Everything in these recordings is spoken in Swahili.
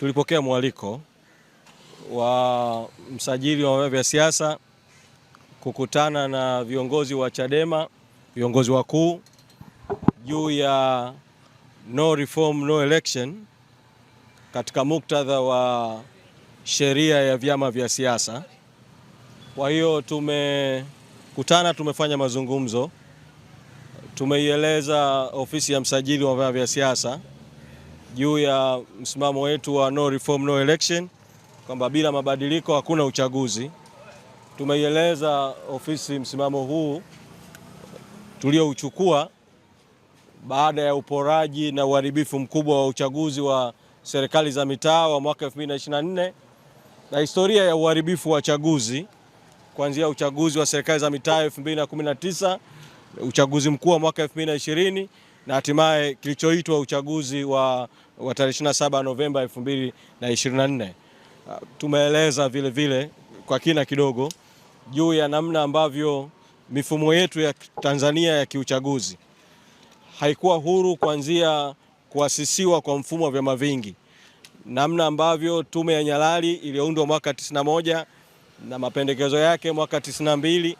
Tulipokea mwaliko wa msajili wa vyama vya siasa kukutana na viongozi wa Chadema, viongozi wakuu juu ya no reform, no election katika muktadha wa sheria ya vyama vya siasa. Kwa hiyo tumekutana, tumefanya mazungumzo, tumeieleza ofisi ya msajili wa vyama vya siasa juu ya msimamo wetu wa no reform, no election kwamba bila mabadiliko hakuna uchaguzi. Tumeieleza ofisi msimamo huu tuliouchukua baada ya uporaji na uharibifu mkubwa wa uchaguzi wa serikali za mitaa wa mwaka 2024 na historia ya uharibifu wa chaguzi kuanzia uchaguzi wa serikali za mitaa 2019, uchaguzi mkuu wa mwaka 2020 na hatimaye kilichoitwa uchaguzi wa, wa tarehe 27 Novemba 2024. Tumeeleza vile vile kwa kina kidogo juu ya namna ambavyo mifumo yetu ya Tanzania ya kiuchaguzi haikuwa huru kuanzia kuasisiwa kwa mfumo wa vyama vingi, namna ambavyo tume ya Nyalali iliyoundwa mwaka 91 na mapendekezo yake mwaka 92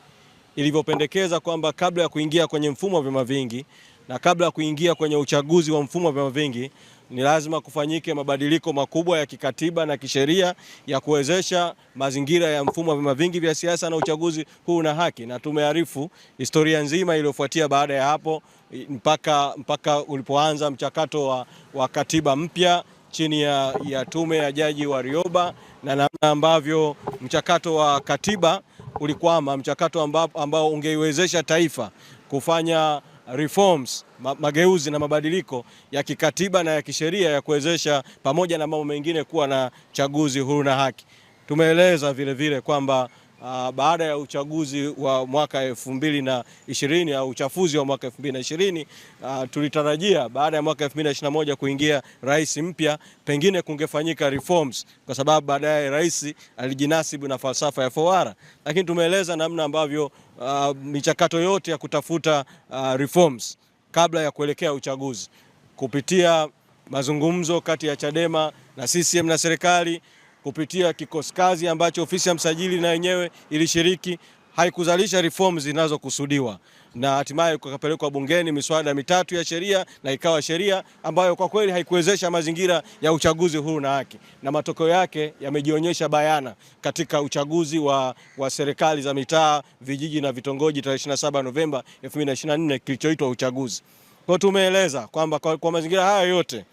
ilivyopendekeza kwamba kabla ya kuingia kwenye mfumo wa vyama vingi na kabla ya kuingia kwenye uchaguzi wa mfumo wa vyama vingi ni lazima kufanyike mabadiliko makubwa ya kikatiba na kisheria ya kuwezesha mazingira ya mfumo wa vyama vingi vya siasa na uchaguzi huu na haki, na tumearifu historia nzima iliyofuatia baada ya hapo mpaka, mpaka ulipoanza mchakato wa, wa katiba mpya chini ya, ya tume ya Jaji Warioba na namna ambavyo mchakato wa katiba ulikwama, mchakato ambao, ambao ungeiwezesha taifa kufanya reforms, mageuzi na mabadiliko ya kikatiba na ya kisheria ya kuwezesha pamoja na mambo mengine kuwa na chaguzi huru na haki. Tumeeleza vilevile kwamba uh, baada ya uchaguzi wa mwaka elfu mbili na ishirini au uchafuzi wa mwaka elfu mbili na ishirini uh, tulitarajia baada ya mwaka elfu mbili na ishirini na moja kuingia rais mpya, pengine kungefanyika reforms, kwa sababu baadaye rais alijinasibu na falsafa ya fowara, lakini tumeeleza namna ambavyo uh, michakato yote ya kutafuta uh, reforms kabla ya kuelekea uchaguzi kupitia mazungumzo kati ya Chadema na CCM na serikali kupitia kikosi kazi ambacho ofisi ya msajili na yenyewe ilishiriki haikuzalisha reforms zinazokusudiwa na hatimaye kukapelekwa bungeni miswada mitatu ya sheria na ikawa sheria ambayo kwa kweli haikuwezesha mazingira ya uchaguzi huru na haki, na matokeo yake yamejionyesha bayana katika uchaguzi wa, wa serikali za mitaa, vijiji na vitongoji tarehe 27 Novemba 2024 kilichoitwa uchaguzi. Kwa tumeeleza kwamba kwa, kwa mazingira haya yote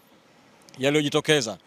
yaliyojitokeza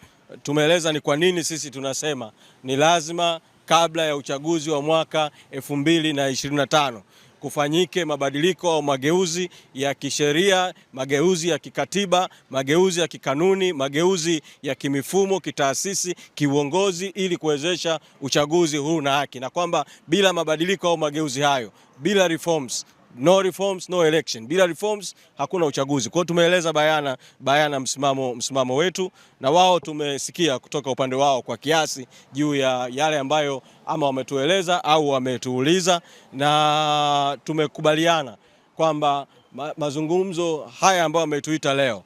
tumeeleza ni kwa nini sisi tunasema ni lazima kabla ya uchaguzi wa mwaka 2025 kufanyike mabadiliko au mageuzi ya kisheria, mageuzi ya kikatiba, mageuzi ya kikanuni, mageuzi ya kimifumo, kitaasisi, kiuongozi ili kuwezesha uchaguzi huru na haki, na kwamba bila mabadiliko au mageuzi hayo, bila reforms, No reforms, no election. Bila reforms hakuna uchaguzi. Kwa hiyo tumeeleza bayana, bayana msimamo, msimamo wetu na wao tumesikia kutoka upande wao kwa kiasi juu ya yale ambayo ama wametueleza au wametuuliza na tumekubaliana kwamba ma, mazungumzo haya ambayo wametuita leo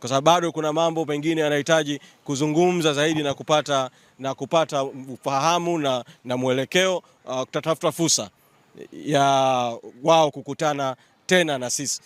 kwa sababu bado kuna mambo mengine yanahitaji kuzungumza zaidi na kupata, na kupata ufahamu na, na mwelekeo uh, tutatafuta fursa ya wao kukutana tena na sisi.